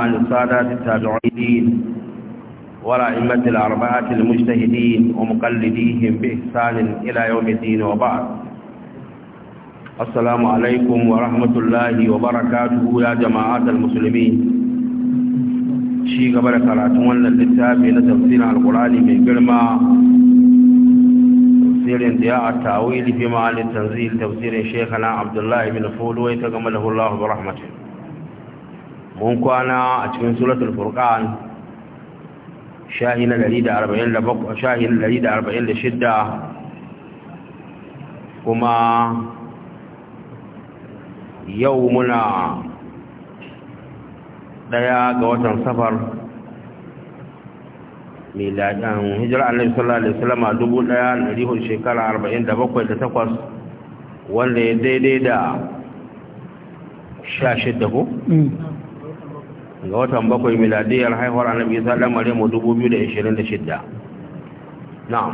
عن سادات التابعين ورائمة الأربعة المجتهدين ومقلديهم بإحسان إلى يوم الدين وبعد السلام عليكم ورحمة الله وبركاته يا جماعة المسلمين شيء قبل كراتون للكتاب لتفسير القرآن من كلمة تفسير انتهاء التأويل في معاني التنزيل تفسير شيخنا عبد الله بن فول ويتقمله الله برحمته mun kwana a cikin suratul furqan shahin 146 kuma yau muna daya ga watan safar miladan hijira annabi sallallahu alaihi wasallam 1400 shekara 47 da takwas wanda ya daidai da 16 ko mm. ga watan bakwai miladiyar haihuwar annabi 2026 na'am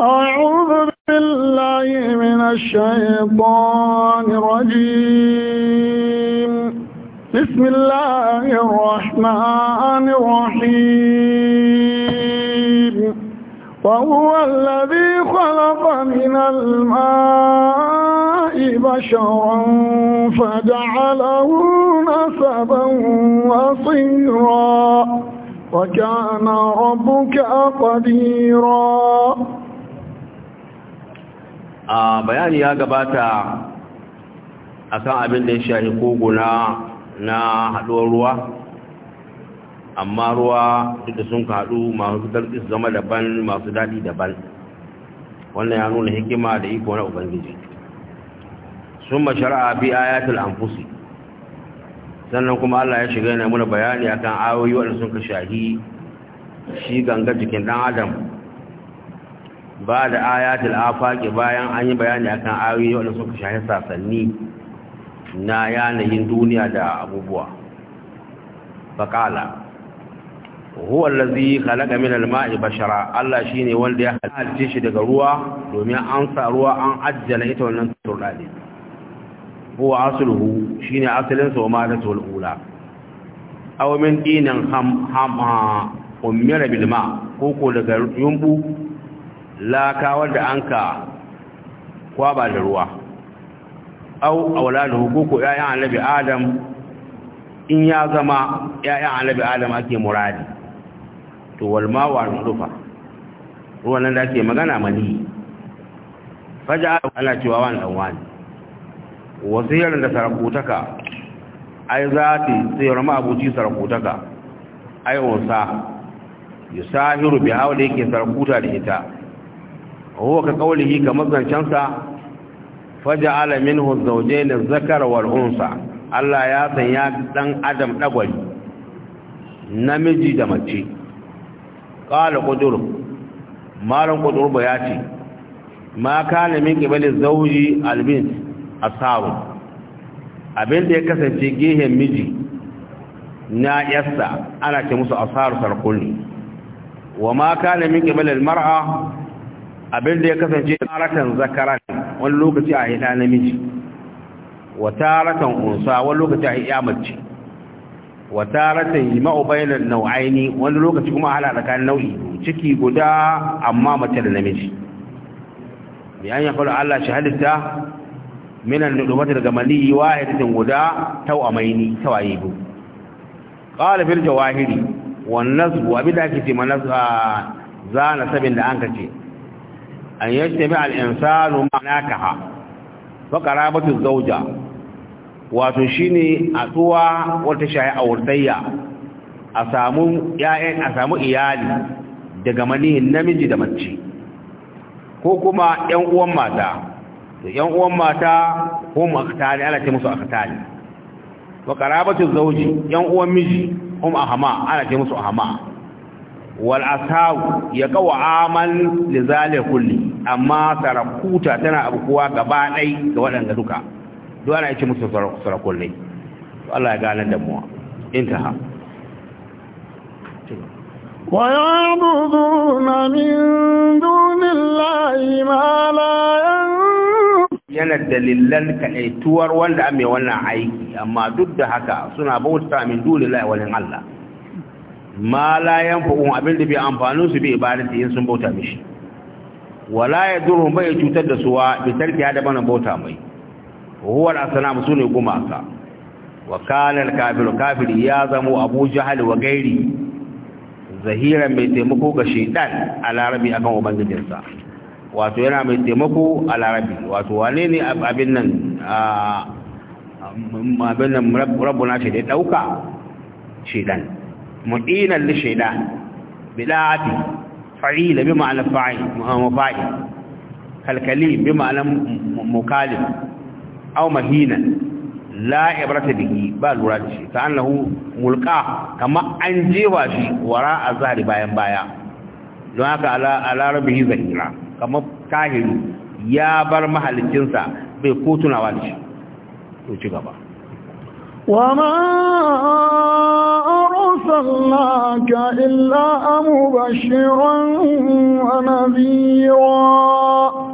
أعوذ بالله من الشيطان الرجيم بسم الله الرحمن الرحيم وهو الذي خلق من الماء بشرا فجعله نسبا وصيرا وكان ربك قديرا a bayani ya gabata akan abin da ya shahi koguna na haɗuwar ruwa amma ruwa duk da sun kaɗu masu su zama daban masu daɗi daban wannan ya nuna hikima da iko na ubangiji sun mashara'a fi ayatul anfusi sannan kuma Allah ya shiga yana muna bayani akan ayoyi waɗanda sun ka shahi shi ganga jikin ɗan adam ba da ayatul afaki bayan an yi bayani akan ayoyi waɗanda sun ka shahi sasanni na yanayin duniya da abubuwa faƙala huwa allazi khalaqa min al-ma'i bashara Allah shine wanda ya halice shi daga ruwa domin an sa ruwa an ajjala ita wannan turdadi huwa asluhu shine asalin sa wa ma'anatu al-ula aw min dinan ham hama ummira bil koko daga yumbu laka wanda anka kwaba da ruwa aw awladuhu koko ya'yan annabi adam in ya zama ya'yan annabi adam ake muradi to wal ma wa rufa nan da ake magana mali faja ana cewa wani dan wani wasu yaran da sarakutaka ai za ta tsayar ma'abuci sarakutaka ai wasa yi sahiru bi hawa da yake sarakuta da ita huwa ka kaulihi kamar zancensa faja alamin huzzauje na zakar wal'unsa Allah ya sanya dan adam dagwari namiji da mace qala qudur malan qudur ya ce ma kana min qibali zawji albint asaru abin da ya kasance gehen miji na yassa ana ce musu asaru sarkulli wa ma kana min qibalil mar'a abin da ya kasance taratan zakaran wani lokaci a hita namiji wa taratan unsa wani lokaci a iya mace wa taratan yima'u bainal nau'aini wani lokaci kuma hala tsakanin nau'i ciki guda amma mace da namiji bayan an kula Allah shahadta minan nudumati daga maniyi wahidatin guda tawamaini tawaye bu qala fil jawahiri wan nasbu abida kace manas za nasabin da an kace an yajtami al insanu ma'nakaha wa qarabatu zawja wato shine atsuwa wata shayi aurdayya a samu a samu iyali daga maniyin namiji da mace ko kuma 'yan uwan mata to yan uwan mata hum akhtali ana ce musu akhtali wa qarabatu zawji yan uwan miji hum ahama ana ce musu ahama wal asaw ya qawa amal li zalil kulli amma sarakuta tana abukuwa gaba dai ga wadanda duka duk ana ce musu sarakullai Allah ya gane da mu intaha ويعبدون من دون الله ما لا يعلمون yana dalilan kaɗaituwar wanda ame wannan aiki amma duk da haka suna bauta min dole lai walin Allah ma la abin da bai amfanin su bai ibadati in sun bauta mishi wala yadurru bai cutar da suwa bi tarki hada bana bauta mai huwa al-asnam sune gumaka wa kana al-kafir kafir ya zamu abu jahal wa gairi zahiran mai taimako ga shaytan a larabi akan ubangijinsa wato yana mai taimako a larabi wato wane ne abin nan abin nan rabu na shaidai ɗauka shaidan mu'inan li shaidan bida'ati fa'ila bi ma'anar fa'i. mafa'il kalkali bi ma'anar mukalin aw mahinan la ibrata bihi ba lura da shi ta annahu mulka kama an jewa shi wara a zahari bayan baya don haka ala rabihi zahira kamar kahiri ya bar mahalicinsa bai ko tunawa da shi to ci gaba wa ma arsalnaka illa mubashiran wa nadhira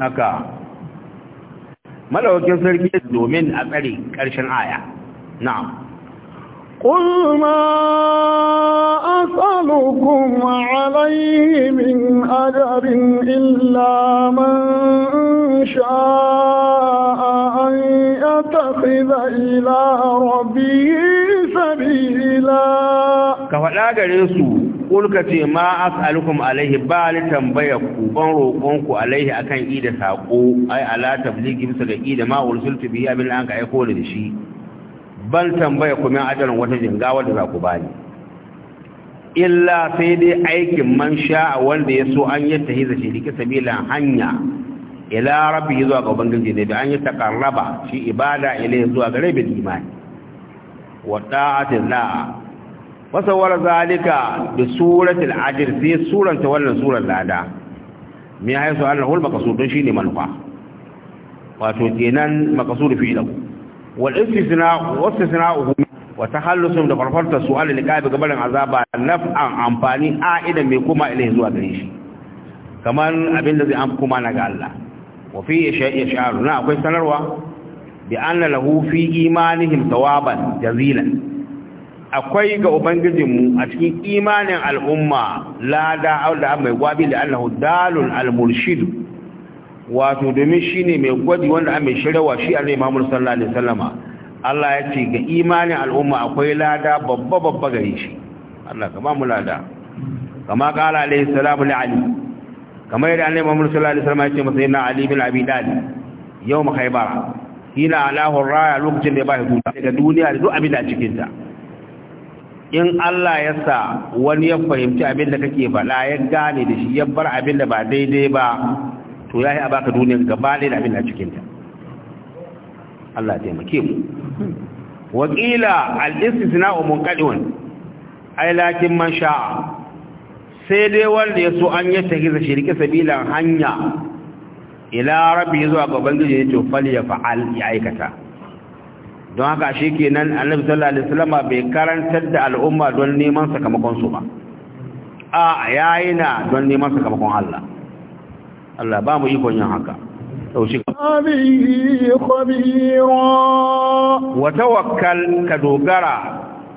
haka malaukin sarki domin a tsare karshen aya na'am قل ما أسألكم عليه من أجر إلا من شاء أن يتخذ إلى ربه سبيلا كفلا غريسو kulka ce ma as'alukum alaihi ba ni tambaya ku ban roƙon ku alaihi akan ida saƙo, ai ala tabligi bisa ga ida ma ursiltu bihi abin an ka da shi ban tambaya kuma ajalin wata jinga wanda za ku bani illa sai dai aikin man sha'a wanda ya so an yadda hiza shi dike sabilan hanya ila rabbi zuwa ga ubangiji ne da an yi takarraba shi ibada ila zuwa ga rabin imani wa ta'atin la wasawar zalika da suratul ajr fi suranta wannan suran lada me ya haisu annahu al-maqsud shine manufa wato kenan maqsud ilahu wal istisna wa istisna'uhu wa tahallusum da farfarta su'al liqabi gabarin azaba naf'an amfani a'idan mai kuma ilai zuwa gare shi abin da zai am kuma ga Allah wa fi yash'aru na akwai sanarwa bi anna lahu fi imanihim thawaban jazilan akwai ga Ubangijin mu a cikin imanin al'umma lada da mai gwabi da Allah dalul al-murshid wato domin shi ne mai gwaji wanda a mai shirawa shi a zai mamur sallallahu alaihi sallama Allah ya ce ga imanin al'umma akwai lada babba babba gare shi Allah ka ba mu lada kama kala alaihi salamu na ali kamar yadda annabi Muhammad sallallahu alaihi wasallam ya ce masa yana ali bin abi dalib yawm khaybar hina alahu raya lokacin da ya bashi duniya daga duniya da duk abin da cikinta? in Allah ya sa wani ya fahimci abin da kake faɗa ya gane da shi ya bar abin da ba daidai ba to ya yi a baka duniyar gaba da abin a cikinta. Allah taimake mu wa qila al-istisna'u munqadiun ay lakin man sha'a sai dai wanda ya so an yi tahiza shirki sabilan hanya ila rabbi zuwa ga gaji ne to fal ya fa'al ya aikata don haka shikenan annabi sallallahu alaihi wasallam bai karantar da al'umma don neman sakamakon su ba a yayi na don neman sakamakon Allah Allah ba mu ikon yin haka taushi wa tawakkal ka dogara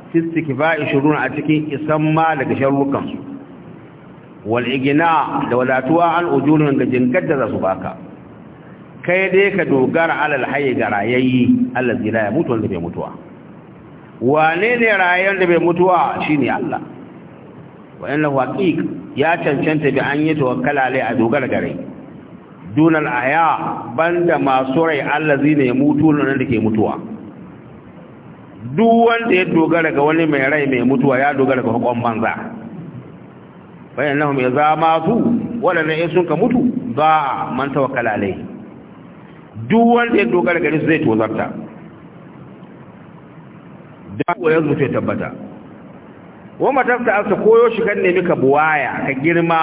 istighfa'i shuruna a cikin isan ma daga sharrukan su wal igna da wadatuwa an ujurun ga jingar za su baka kai dai ka dogara alal hayy ga rayayi allazi la yamutu wanda bai mutuwa wane ne rayayen da bai mutuwa shine Allah wa innahu haqiq ya cancanta bi an yi tawakkala alai a dogara gare dunal aya banda masu rai allazi ne mutu nan da ke mutuwa duk wanda ya dogara ga wani mai rai mai mutuwa ya dogara ga hukun banza bayan nan mai zama su Wadannan ya sun ka mutu za man tawakkala alai duk wanda ya dogara gare su zai tozarta da kuwa yanzu ta tabbata wa matafta asa koyo shi kan nemi ka buwaya ka girma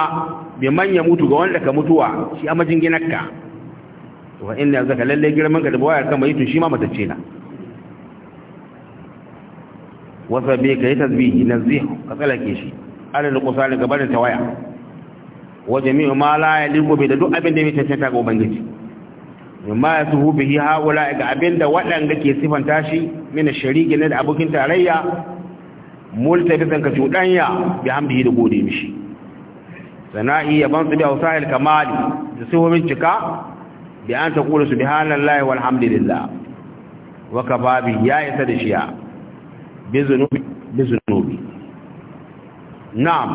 bi man ya mutu ga wanda ka mutuwa shi a majinginarka wa inda zaka lalle girman ka da bawaya kan mai tun shi ma matacce na wasa bai kai tasbihi nazihu ka tsalake shi alal qusani gaban tawaya wa jami'u ma la yaliqu bi da duk abin da bai tantance ga ubangiji mimma yasuhu bihi haula ga abin da wadanda ke sifanta shi min shariki ne da abokin tarayya bisan ka tudanya bi hamdihi da gode mishi sana'i ya su bi ausahil kamali da su sifofin cika bi an ta kula subhanallahi walhamdulillah wa kababi ya isa da shiya bi zunubi bi zunubi na'am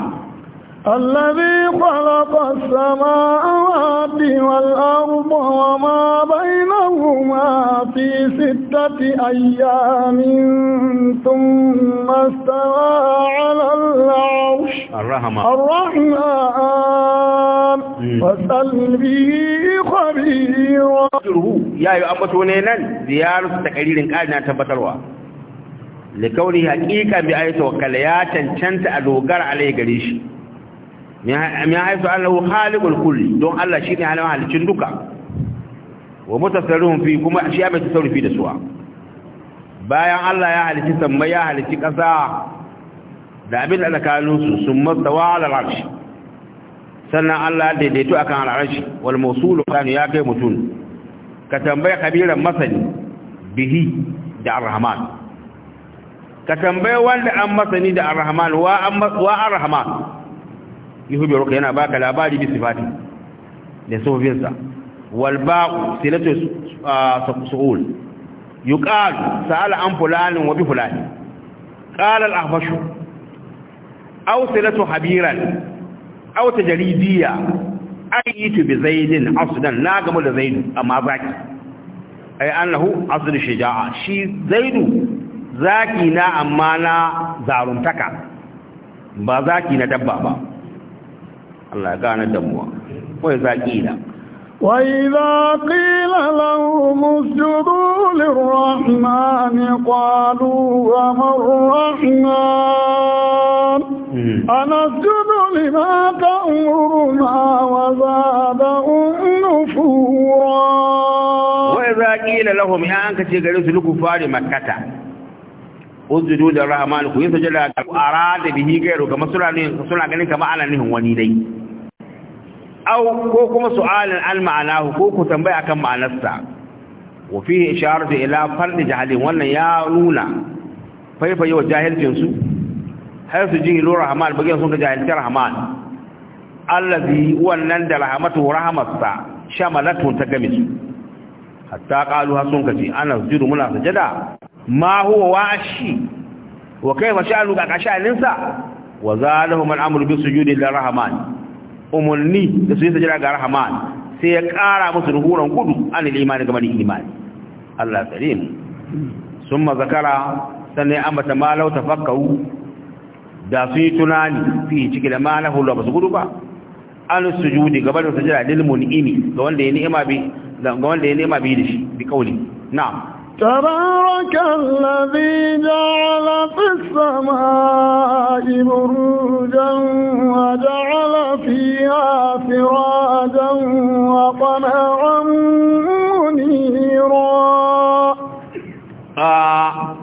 الذي خلق السماوات والأرض وما بينهما في ستة أيام ثم استوى على العرش الرحمن الرحمن فاسأل به خبيرا يا يؤمتونينا زيارة تقرير قادنا تبتروا لكونه حقيقة بآية وكليات تنت أدوغر عليه قريش min haifu annahu khaliqul kulli don Allah shi ne halin halicin duka wa mutasarrifun fi kuma shi ya mai tasarrufi da suwa bayan Allah ya halici sammai ya halici ƙasa da abin da tsakanin su sun matsawa ala arshi sannan Allah ya daidaito akan al'arshi wal mawsulu kanu ya kai mutum ka tambaya kabiran masani bihi da al-rahman. ka tambaya wanda an masani da al-rahman wa an wa arrahman yuhbiruka yana baka labari bi sifati da sifofin sa wal ba'u silatu su'ul yuqal sa'ala an fulanin wa bi fulani qala al ahbash aw silatu habiran aw tajridiyya ayitu bi zaidin asdan na gamu da zaidu amma zaki ay annahu asdu shija'a shi zaidu zaki na amma na zaruntaka ba zaki na dabba ba Allah gane damuwa wai zaƙila وإذا قيل لهم اسجدوا للرحمن قالوا وما الرحمن أنسجد لما تأمرنا وزادهم نفورا وإذا قيل لهم يا أنك تجلس لكفار مكة اسجدوا للرحمن كويس جل أراد به غيره كما سنة ganin kama ala nihin wani dai aw ko kuma su'alan al ma'anahu ko ku tambaya akan ma'anarsa wa fihi isharatu ila fard jahalin wannan ya nuna faifaye wa jahilcin su har su ji lura rahman bagin sun ga jahilcin rahman allazi wannan da rahmatu rahmatsa shamalatu ta game su hatta qalu sun kace ana sujudu muna sajada ma huwa washi wa wa umarni da su yi sajira ga rahman sai ya ƙara musu ruhuran gudu an imani game da imani Allah tsare mu sun mazakara sannan an bata malau ta fakkau da su yi tunani fi ciki da malahu ba su gudu ba an sujudi gaba da sajira lil mun'imi ga wanda ya ni'ima bi ya ni'ima bi da shi bi kauli na'am تبارك الذي جعل في السماء بروجا وجعل فيها فراجا وقمعا منيرا آه.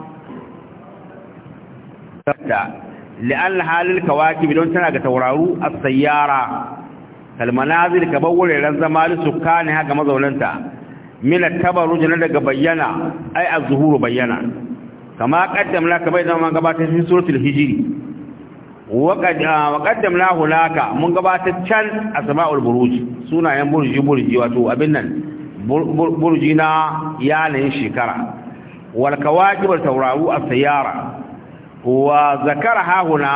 لأن حال الكواكب لون تنا كتورارو السيارة المنازل كبول لنزمال سكانها كمزولنتا min at-tabarruj na daga bayyana ai az-zuhuru bayyana kama qaddamna ka bai zama gabatar cikin suratul hijri wa ah, qaddamna hulaka mun gabatar can asma'ul buruj sunayen burji burji wato abin nan burji na yanayin shekara wal tauraro tawraru as-sayyara wa zakara hahuna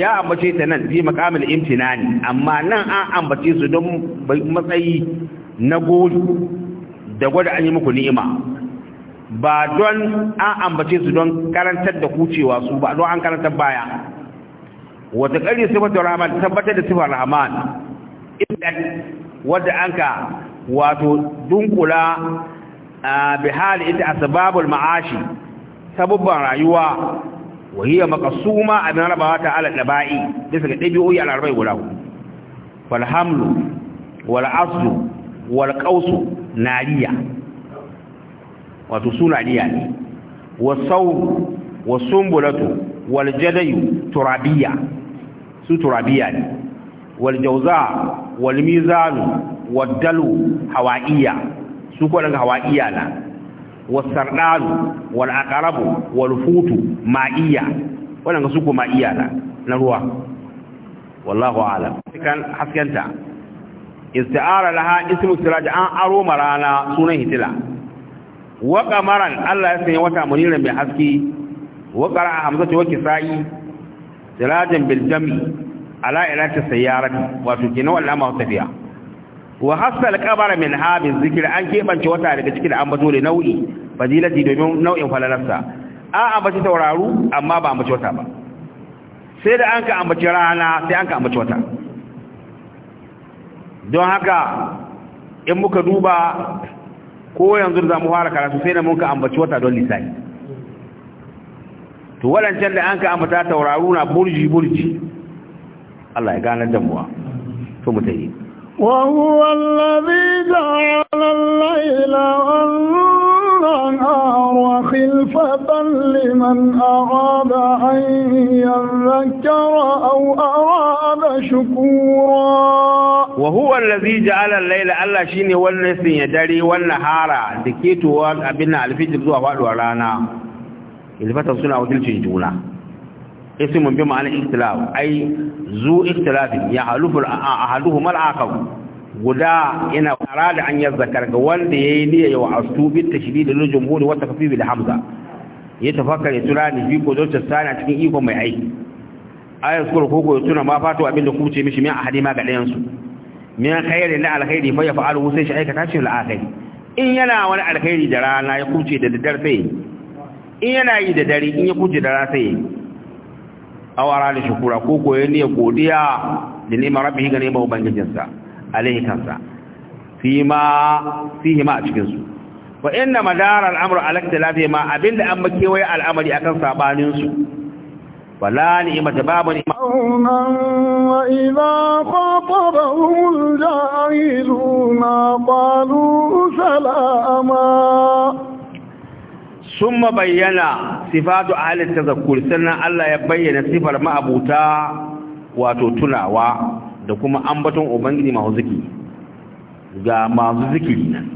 ya ambace ta nan fi makamil imtinani amma nan an ambace su don matsayi na goli da gwada an yi muku ni'ima ba don an ambace su don karantar da kucewa su ba don an karantar baya wata ƙari sifatar rahman tabbatar da sifar rahman idan wadda an ka wato dunkula bi hali ita asbabul ma'ashi sabubban rayuwa wa hiya a abin rabawa ta ala dabai bisa ga dabi'o'i ala rabai guda fal wal aslu wal kausu. nariya wato su nariya ne wa sauru wa sumbulatu wal jadayu turabiya su turabiya ne wal walmizanu wal mizanu wad dalu hawaiya su ko daga hawaiya na was sardalu wal aqrabu wal futu ma'iya wadanda su ko ma'iya na ruwa wallahu a'lam haskanta isti'ara laha ismu siraj an aro marana sunan hitila wa qamaran Allah ya sanya wata muniran mai haski wa qara hamzatu wa kisai sirajan bil jam'i ala ilati sayyarati wa tukina wal amma tafiya wa hasal qabara min habiz zikr an kebance wata daga cikin ambato da nau'i fadilati domin nau'in falalarsa a ambaci tauraru amma ba ambaci wata ba sai da an ka ambaci rana sai an ka ambaci wata don haka in muka duba ko yanzu za mu fara karatu sai da muka ambaci wata don lisani to waɗancan da an ka ambata tauraru na burji burji Allah ya gane damuwa to mu tayi وهو الذي جعل الليل والنهار خلفة لمن أراد أن يذكر أو أراد شكورا وهو الذي جعل الليل الله شيني والنسي يدري والنهار دكيت وابن الفجر زوا فادو رانا الفتر سنة وتلشي جونا اسم بمعنى اختلاف اي ذو اختلاف يحلف احدهما الاخر guda yana fara da an zakar ga wanda ya yi niyya wa astubin tashiri da lujumhuri wata kafi bil hamza ya tafakkar ya tura ni fi ko zauce sana cikin iko mai aiki ayar sura ko ko tuna ma fato abin da kuce mishi min ahadi ma ga dayan su min khairi la alkhairi fa yaf'alu sai shi aikata shi la in yana wani alkhairi da rana ya kuce da daddar sai in yana yi da dare in ya kuce da rana sai awara da shukura ko ko ne godiya da neman rabbi ga neman ubangijinsa alaihi kansa fima fihi ma a cikin su wa inna madara al-amru ala ma abinda an makewaye al'amari akan sabanin su Bala Sun wàlá ní ìmọ̀ tẹ̀bá bọ̀ ní ìmọ̀ ọ̀rún wato tunawa da kuma ambaton ubangiji masu ziki ga masu zikiri nan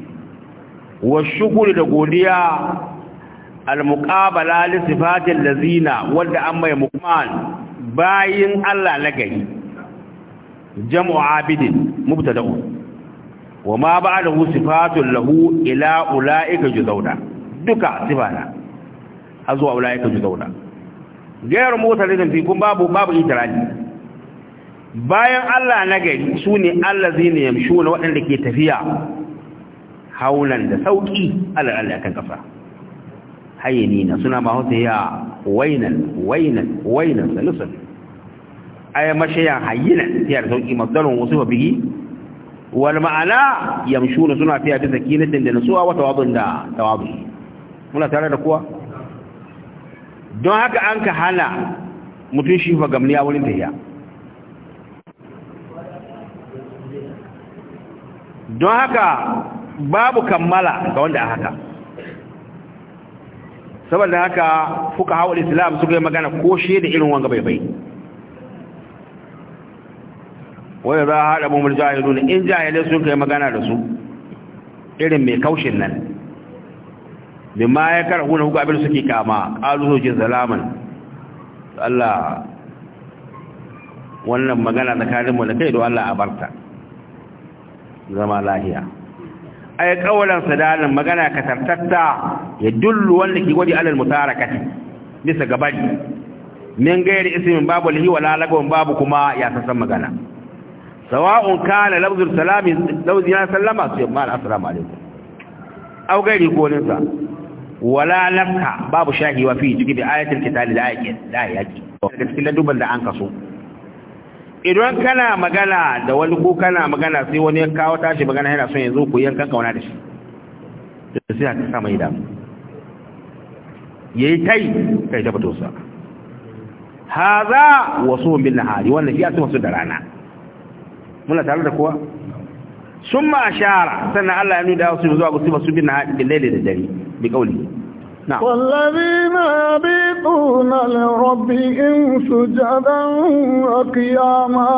wa da godiya al-muqabala li sifatil lazina wanda an mai muqman bayin Allah na gari jam'u abidin mubtada'u wa ma ba'dahu sifatul lahu ila ulaika juzauna duka sifana azwa ulaika juzauna gairu mutalidin fi kun babu babu itirali bayan Allah na gari sune allazina yamshuna waɗanda ke tafiya haulan da sauki Allah Allah kan kafa hayinina suna ma hausa ya wainan wainan wainan salusan ay mashayan hayinan sauƙi masu masdarun wasu bigi wal ma'ana yamshuna suna fiye da na da nasuwa wata wabin da tawabi muna tare da kuwa don haka an ka hana mutum shi gamni a wurin tahiya don haka babu kammala ga wanda a haka saboda haka fuka hawa islam suka yi magana ko shi da irin wanga bai bai za a haɗa mummul jahilu ne in jahilu sun yi magana da su irin mai kaushin nan bin ma ya kara huna hukun abin suke kama ƙalusojin zalaman Allah wannan magana tsakaninmu da kai don Allah a barta zama lahiya ay qawlan sadalan magana katartatta ya dullu wanda ke gwadi alal mutarakati bisa gabari min gairi ismin babu lahi wala lagwan babu kuma ya san magana sawa'un kana lafzul salami lawzi ya sallama su yamma assalamu alaikum aw gairi ko ninsa wala lafka babu wa fi cikin ayatul qital da ayati da ayati da cikin duban da an kaso idan kana magana da wani ko kana magana sai wani ya kawo tashi magana yana son yanzu ku yankan kauna da shi da sai ka sa mai damu yayi tai kai da fito sa haza wasu bin nahari wannan shi asuma su da rana muna tare da kowa summa ashara sannan Allah ya nuna da wasu zuwa ga su bin nahari da laili da dare bi kauli والذين يبيتون لربهم سجدا وقياما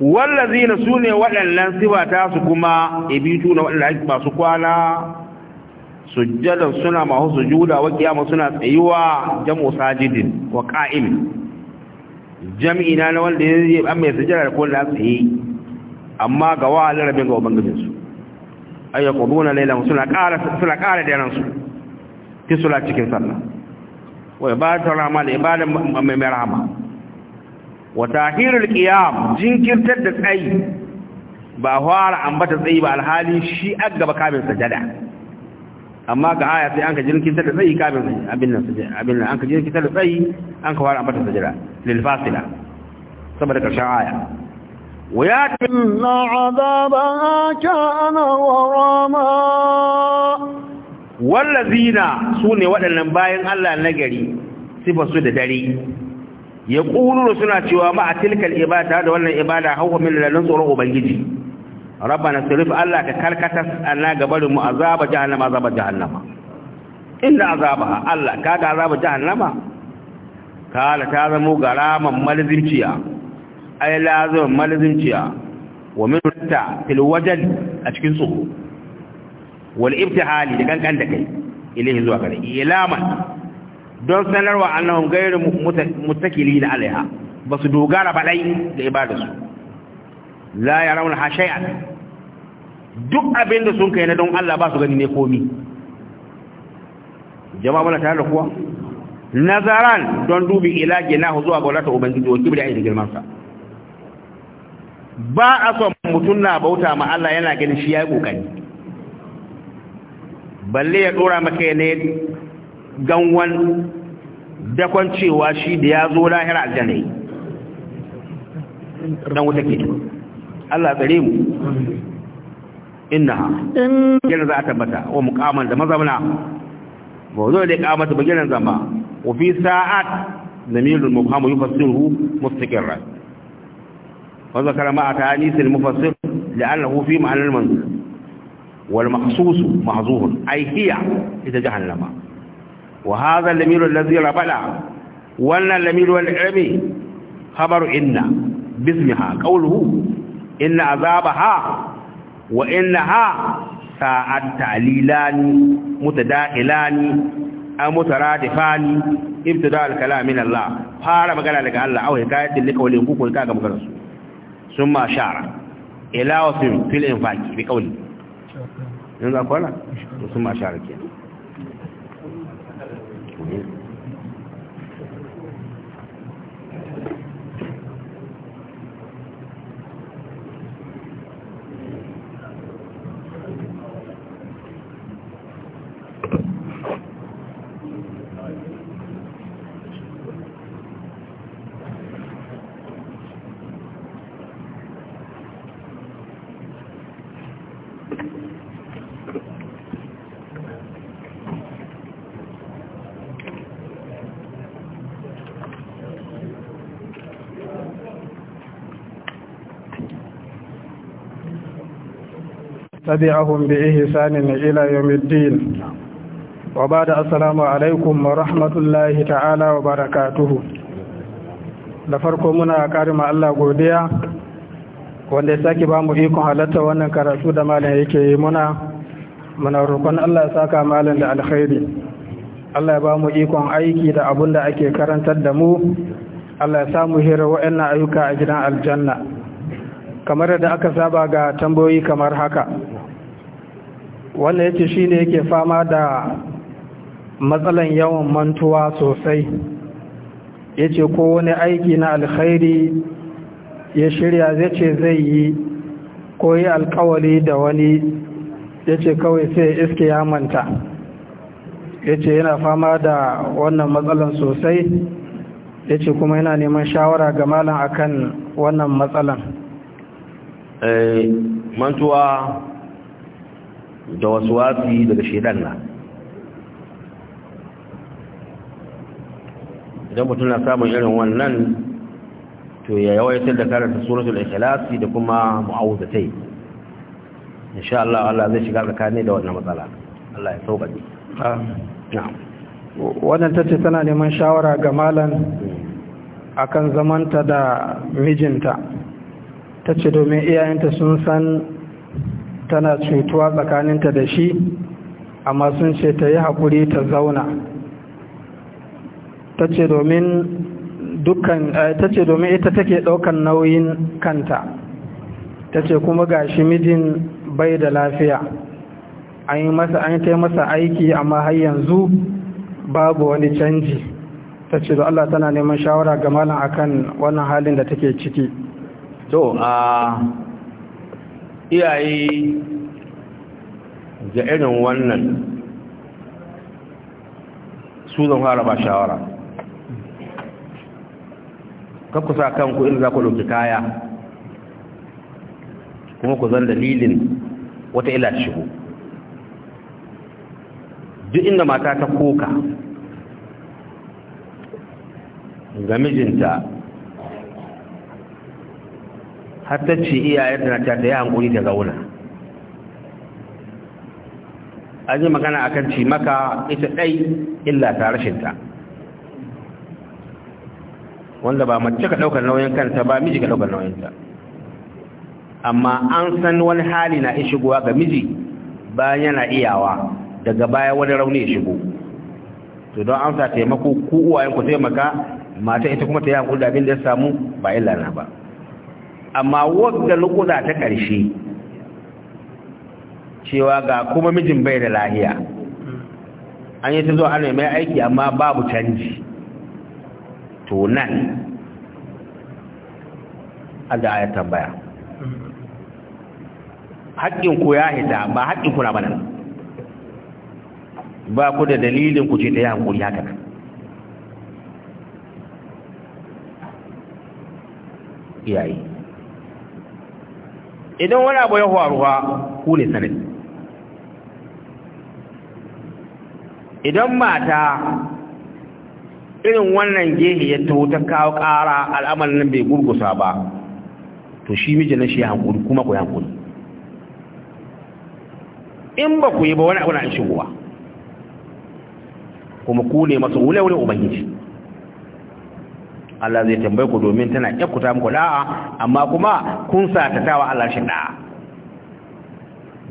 والذين سوني ولن سوى تاسكما يبيتون ولن عجبا سكوانا سجدا سنة ما هو سجودا وقياما سنة أيوة جمع ساجد وقائم جمعنا لولد يبقى سجدا لكل ناس أما قوال ربين قوة بنجلسوا ay yaquluna laylan suna ƙara suna ƙara da su fi sula cikin sallah wa ibadatu rahman ibadan mai rahama wa tahirul qiyam jinkirtar da tsayi ba fara ambata tsayi ba alhali shi agaba kamin sajada amma ga aya sai an ka jinkirtar da tsayi kamin abin nan sajada abin nan an ka jinkirtar da tsayi an ka fara ambata sajada lil fasila saboda karshen aya ويأتي إن عذابها كان غراما wallazina su waɗannan bayan Allah na gari sifasu da dare Yaƙururu suna cewa ma a tilkal ibada da wannan ibada hauwa min lalun tsoron ubangiji rabbana sirif Allah ka karkatas anna gabarin mu azaba jahannama jahannama inda azaba Allah kaga azaba jahannama kala ta zamo garaman malzinciya ai lazim malazinciya wa min ta fil wajen a cikin tsoro wal hali da gangan da kai ilahi zuwa gare ilaman don sanarwa annahum ghayru muttakilina alaiha basu dogara ba dai da ibadarsu la ya yarawna shay'an duk abin da sun kai na don Allah ba su gani ne komi jama'a mana tare da kuwa nazaran don dubi ila na zuwa ga wadata ubangiji wa kibri a yin girmansa ba a son mutum na bauta ma Allah yana ganin shi ya yi ƙoƙari balle ya ɗora maka ne ganwan dakon cewa shi da ya zo lahira aljanna dan wuta ke Allah tsare mu Inna, yana za a tabbata wa muqaman da mazamna ba zo da kamata bagiran zama wa fi sa'at zamirul mubham yufassiruhu mustaqirran وذكر مع تانيث المفسر لأنه في معنى المنزل والمخصوص محظوظ أي هي إذا جهنم وهذا الأمير الذي ربلا وأن الأمير والعلمي خبر إن باسمها قوله إن عذابها وإنها ساءت تعليلان متداخلان أو مترادفان ابتداء الكلام من الله فارا مقالا لك الله أو حكاية لك ولنقوك ولكاك مقرسو sun ma shara ila wasu fil bi kauli تبعهم بإحسان إلى يوم الدين وبعد السلام عليكم ورحمة الله تعالى وبركاته da farko muna karima Allah godiya wanda ya sake ba mu ikon halatta wannan karatu da malam yake yi muna muna roƙon Allah ya saka malam da alkhairi Allah ya ba mu ikon aiki da abun da ake karantar da mu Allah ya samu hira wa'annan ayyuka a gidan aljanna kamar da aka saba ga tambayoyi kamar haka wannan shi ne yake fama da matsalan yawan mantuwa sosai yace ko wani aiki na alkhairi ya shirya zai ce zai yi ko yi alkawali da wani ya ce kawai sai iske ya manta Ya ce yana fama da wannan matsalan sosai ya ce kuma yana neman shawara ga malam akan wannan matsalan eh, mantuwa da wasu wafi daga shaidan na idan mutum na samun irin wannan to ya yawaitar da karanta suratul ikhlasi da kuma mu'awuzatai insha Allah Allah zai shiga tsakani da wannan matsala Allah ya sauka ni. wannan tace tana neman shawara ga malam hmm. akan zamanta da mijinta tace domin iyayenta sun san tana cutuwa tsakaninta da shi amma sun ce ta yi haƙuri ta zauna eh, ta ce domin ita take ɗaukan nauyin kanta ta ce kuma ga shi mijin bai da lafiya an yi masa an yi masa aiki amma har yanzu babu wani canji ta ce da Allah tana neman shawara ga malam akan wannan halin da take ciki to a ah, Iyaye ga irin wannan su zan fara ba shawara sa kanku in za ku ɗauki kaya kuma ku zan dalilin wata ila shigo duk inda mata ta koka ga mijinta hatta ta ce iyayen na ta ta yi hankuli ta zauna an yi magana a kan cimaka ita ɗai illa ta rashinta wanda ba mace ka ɗaukar nauyin kanta ba miji ka ɗaukar nauyinta amma an san wani hali na guwa ga miji bayan yana iyawa daga baya wani rauni ya shigo to don amsa taimako ku uwayen ku taimaka mata ita kuma ta yi hankuli da abin da ya samu ba illa na ba amma wadda lukuda ta ƙarshe cewa ga kuma mijin bai da lahiya an yi ta zo ana mai aiki amma babu canji to nan da ya tambaya haƙƙin ku ya hita ba haƙƙin ku na bana ba ku da dalilin ku ce ta yi hankuri haka nan iyaye idan wani abu ya faruwa ku ne sanadi idan mata irin wannan gehe ya taho ta kawo ƙara al'amarin nan bai gurgusa ba to shi miji na shi ya hankuli kuma ku ya hankuli in ba ku yi ba wani abu na shigowa kuma ku ne masu wule-wule ubangiji Allah zai tambaye ku domin tana kyakuta muku da'a amma kuma kun satatawa Allah shi da'a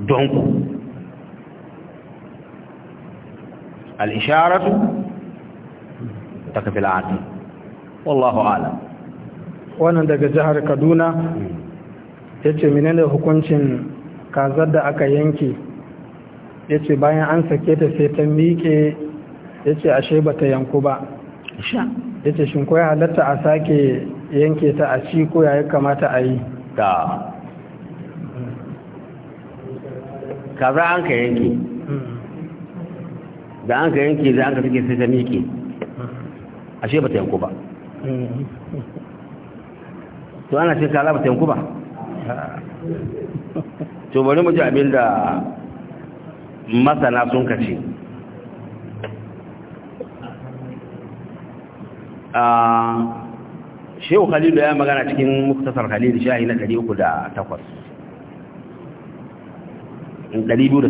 don ku al-isharatu takfil ati wallahu a'lam wannan daga jihar Kaduna hmm. yace menene hukuncin kazar da aka yanke yace bayan an sake ta sai ta miƙe yace ashe bata yanku ba sha ya ce shin ko ya halatta a sake yanke ta a ci ko ya kamata a yi da kaza an ka yanke da an ka yanke da an ka take sai ta miƙe ashe ba ta yanku ba to ana ce kala ba ta yanku ba to bari mu ji abin da masana sun kace Ah, shehu khalilu ya magana cikin muktasar khalilu shahi na takwas, 208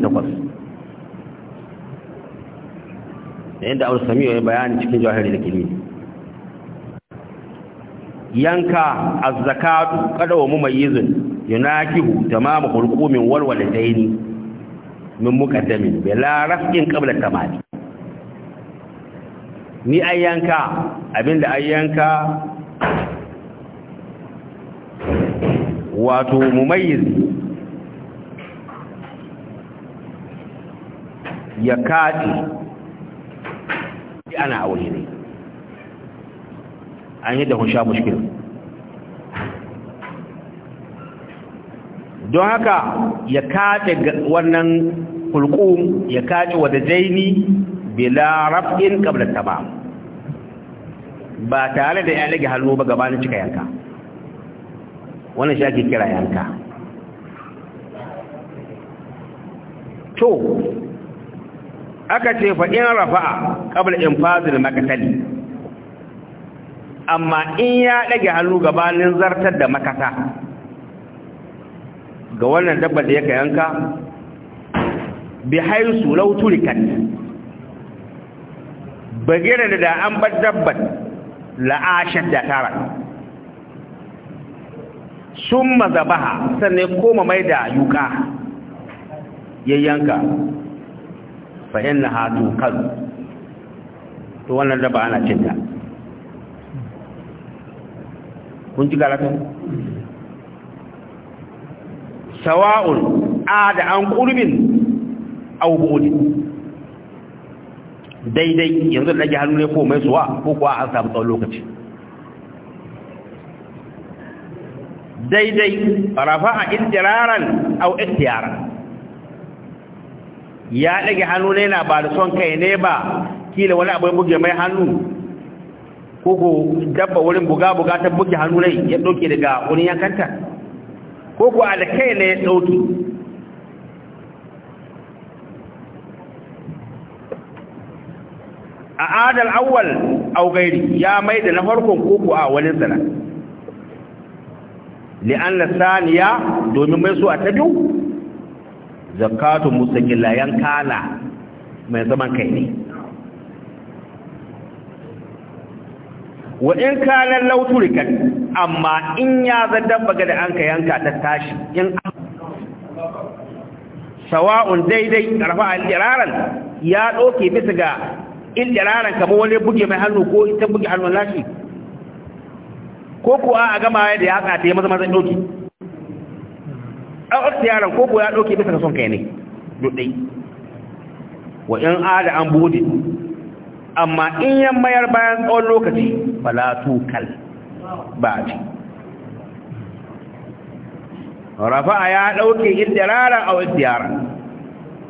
yadda abu sami ya bayani cikin jawahiri da kilini yanka azzakatu kada wa mumayyizun yunakihu tamamu hulqumin walwalataini min muqaddamin bila rafqin qabla tamami ni ayyanka abinda ayyanka wato mumayyiz ya kaɗi ana aure ne an yi da sha mushkil don haka ya kaɗe wannan kulkun ya kaɗe wada jaini bila rafin ƙablar tamam ba tare da ya rage hannu ba gabanin cika yanka wannan shi ake kira yanka to aka ce fa in rafa'a qabla fazil makatali amma in ya dage hannu gabanin zartar da makata ga wannan dabbar da yake yanka bi haisu lauturikan turikat da an bar dabbar la'ashar da tara sun mazabaha sannan koma mai da yuka yayyanka fa'in na hatu kan, to wannan daba ana cinta kun ji galata? sawa'un a da an ƙulmin abubuwan daidai yanzu da rage hannu ne ko mai suwa ko kuwa an samu tsawon lokaci daidai a indiraran au ihtiyara ya dage hannu ne na ba da son kai ne ba kila wani abu ya buge mai hannu ko ko dabba wurin buga buga ta buge hannu ne ya dauke daga wani yankanta ko ko a da kai ne ya dauki a adal awwal aw gairi ya maida na farkon koko a wani sana la saniya domin mai su a ta biyu zakatu mustaqilla kala mai zaman kai ne wa in kana lauturikan amma in ya zaddan baga da anka yanka ta tashi in sawa'un daidai rafa al-iraran ya doke bisa ga in jiraran kamar wani buge mai hannu ko ita buge hannun lashi ko kuwa a gama ya da ya ta yi maza mazan ɗauki ɗaukar yaran ko kuwa ya ɗauki bisa ka son kai ne duɗai wa in ada an bude amma in yan mayar bayan tsawon lokaci falatu kal ba ce rafa'a ya in da rara a wasu yaran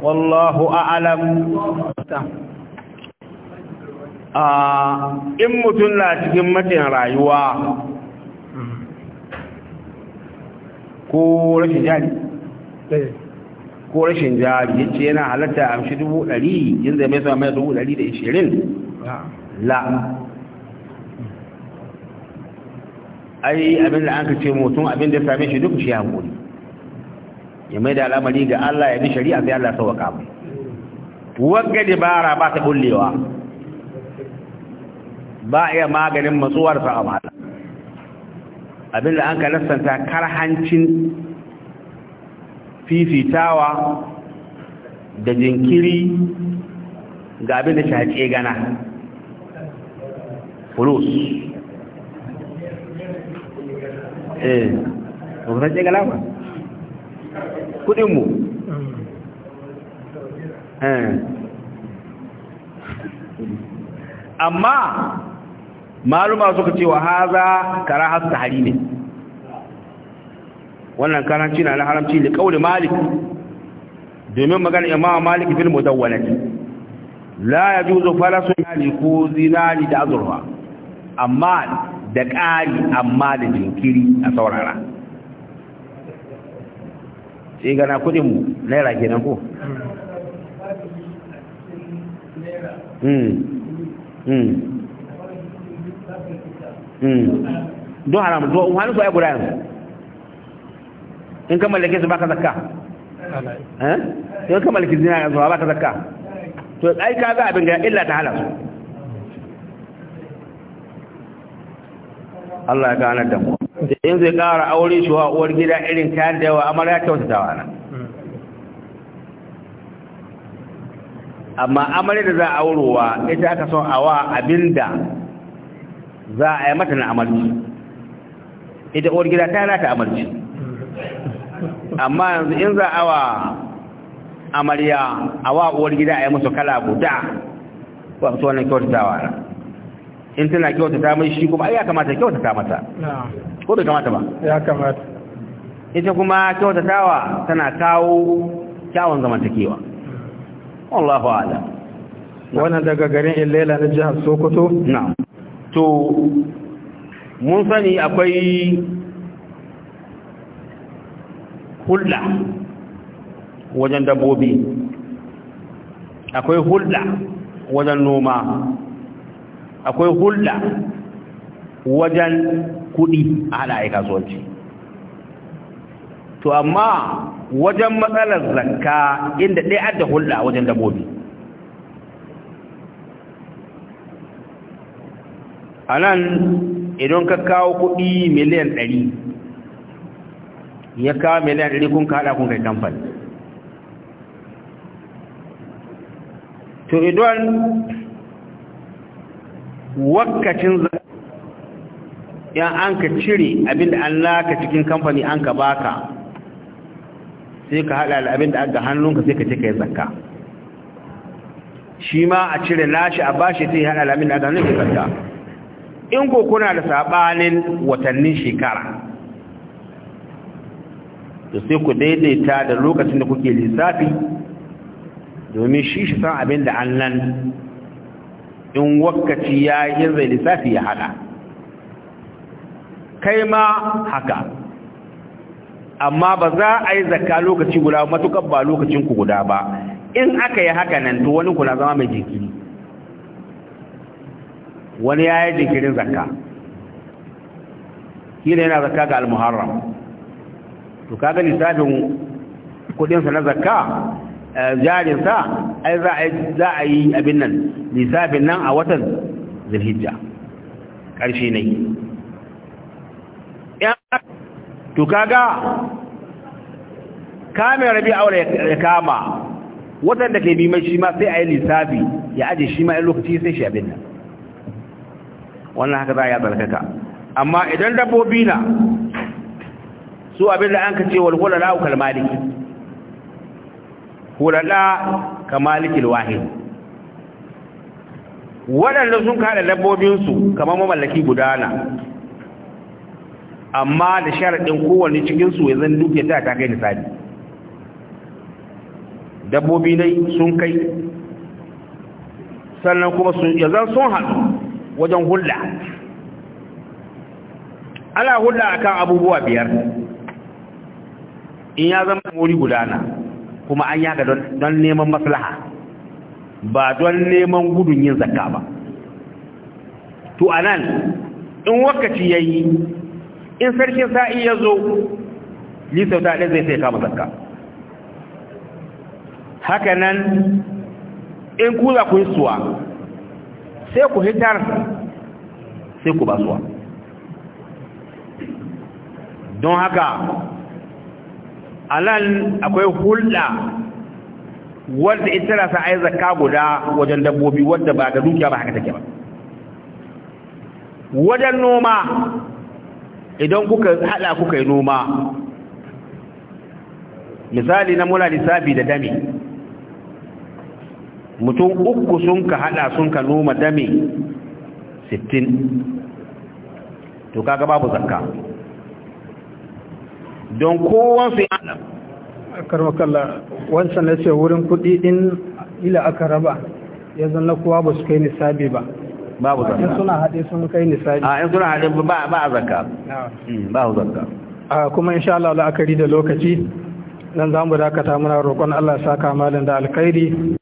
wallahu a'alam in mutum na cikin matin rayuwa ko rashin jari eh. ko rashin jari ya ce yana halatta amshi dubu dari yin zai mai sama mai dubu dari da ishirin ah. la ai abinda an ka ce mutum abinda ya same shi duk shi hankuri ya mai da al'amari ga Allah ya bi shari'a sai Allah sauwaka mai wagga dabara ba ta bullewa ba iya maganin matsuwarsa a mata abinda an ka lassanta karhancin fifitawa da jinkiri ga abin da shaƙe gana fulus eh shaƙe gana ba kudinmu eh. amma maluma suka ce wa haza karahas tahari ne wannan karanci na na haramci da kauli malik domin magana imam malik fil mudawwanati la yajuzu falasu yani ko zinari da azurfa amma da ƙari amma da jinkiri a saurara sai gana kudin mu naira kenan ko Hmm. Hmm. Hmm. don haram to in hannun ko ai guda yanzu in ka mallake su baka zakka eh in ka mallake zina yanzu baka zakka to ai ka za abin ga illa ta halasu Allah ya ganar da mu da yin zai ƙara aure shi wa uwar gida irin kayan da yawa amarya kyautatawa nan amma amarya da za a aurowa ita aka son awa abinda za a yi mata na amalci ita uwar gida ta yana ta amalci amma yanzu in za a wa amarya a wa uwar gida a yi musu kala guda ba su wannan kyautatawa na in tana kyautata mai shi kuma ya kamata kyautata mata ko bai kamata ba ya kamata ita kuma kyautatawa tana kawo kyawun zamantakewa wallahu a'lam wannan daga garin illela na jihar sokoto na'am to mun sani akwai hulɗa wajen dabbobi akwai hulɗa wajen noma akwai hulɗa wajen kuɗi a hada kasuwanci to amma wajen matsalar zakka inda ɗaya adda hulɗa wajen dabbobi a nan idan ka kawo kuɗi miliyan ɗari ya kawo miliyan ɗari kun kaɗa kun kai kamfani to idan wakacin ya an ka cire abinda an laka cikin kamfani an ka baka sai ka haɗa da abinda aka hannunka sai ka cika ka yi zakka shi ma a cire nashi a bashi sai haɗa da ga aka hannunka zakka in ko kuna da saɓanin watannin shekara to sai ku daidaita da lokacin da kuke lissafi domin shi shi san abin da an nan in wakaci ya yi zai lissafi ya hada kai ma haka amma ba za a yi zakka lokaci guda matukar ba lokacin ku guda ba in aka yi haka nan to wani kuna zama mai jinkiri wani ya yi jinkirin zakka shi yana zakka ga almuharram to kaga lissafin kudinsa na zakka eh, jarinsa ai za a yi abin nan lissafin nan a watan zilhijja ƙarshe ne to kaga kame rabi aure ya kama watan da ke bi mai shi ma sai a yi lissafi ya aje shi ma in lokaci sai shi abin nan wannan haka za a yi tsarkaka amma idan dabbobi na su abin da an ka ce wal hulala ukal maliki hulala ka malikil wahid waɗanda sun kada dabbobinsu kamar mamallaki gudana amma da sharaɗin kowanne cikinsu ya zan duke ta ta kai nisani dabbobi ne sun kai sannan kuma ya zan sun haɗu wajen hulɗa ana hulla akan abubuwa biyar in ya zama wuri gudana kuma an yaga don neman maslaha ba don neman gudun yin zakka ba to anan in wakati yayi in sarkin sa'i ya zo lisauta ɗin zai sai kama zakka haka nan in kuza ku yi suwa sai ku hitar sai ku basuwa don haka alal akwai hulɗa wadda ita rasa yi zaka guda wajen dabbobi wadda ba da dukiya ba haka take ba wajen noma idan kuka haɗa kuka yi noma misali na mula lissafi da dami mutum uku sun ka hada sun ka noma dami 60 to kaga babu zakka don kowansu ya karmakalla wancan na ce wurin kudi din ila aka raba ya zanna kowa ba su kai nisabi ba babu zakka in suna haɗe sun kai nisabi a in suna haɗe ba a zakka ba hmm, ba zakka kuma insha Allah la'akari da lokaci nan za mu dakata muna roƙon Allah saka malin da alkhairi